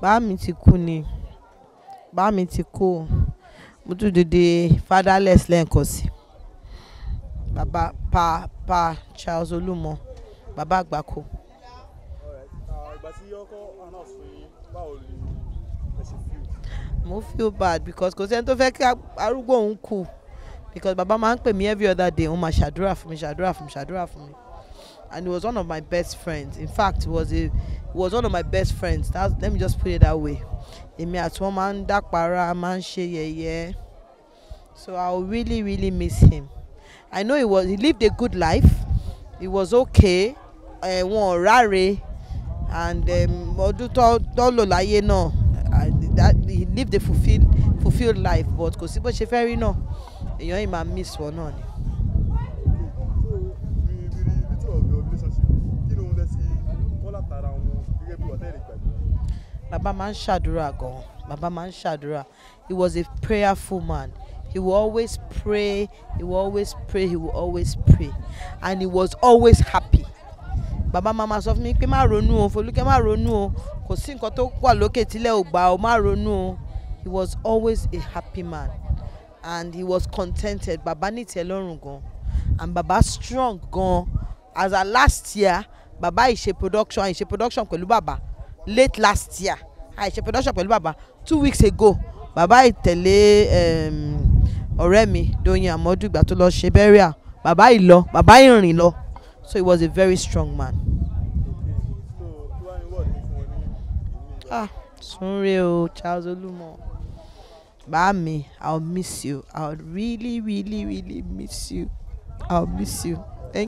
bàbá mi ti kú ni bàbá mi ti kú o mo tún dìde fatherless lẹ́ẹ̀kan sí bàbá pa pa Charles Olúmọ bàbá àgbákò. feel. mo feel bad because kò sẹ́ni tó fẹ́ kí arúgbó òun kú because bàbá máa ń pè mí every other day òun máa ṣàdúrà fún mi ṣàdúrà fún mi ṣàdúrà fún mi and he was one of my best friends in fact he was a he was one of my best friends that let me just put it that way èmi àti wọn man ń dápara máa ń ṣe yẹ̀yẹ́ so i really really miss him i know he was he lived a good life he was okay eh, wọn ò ráre and to lo laye no. That he lived a fulfilled fulfilled life but kosi bo bó ṣe fẹ́ rí náà I yìí miss one náà ni. Baba man ń ṣàdúrà gan. Baba man ń He was a prayerful man. He will always pray. He will always pray. He will always pray. And he was always happy. Baba mama sọ fún mi pé má ronú o, Folúkẹ́ má ronú o, kò sí nǹkan tó wà lókè tílẹ̀ ò gbà o, má ronú o. He was always a happy man and he was contented. Baba ní ìtẹ́lọ́rùn gan and Baba strong gan. As at last year, Baba ìṣe production, ìṣe production pẹ̀lú Baba late last year àìṣe production pẹ̀lú bàbá two weeks ago bàbá ìtẹ̀lé ọ̀rẹ́ mi Doyin Amadu ìgbà tó lọ ṣe burial bàbá ìlọ bàbá ìrìn lọ so he was a very strong man. ah sunre o Charles Olúmọ bá mi i will miss you i will really really really miss you i will miss you.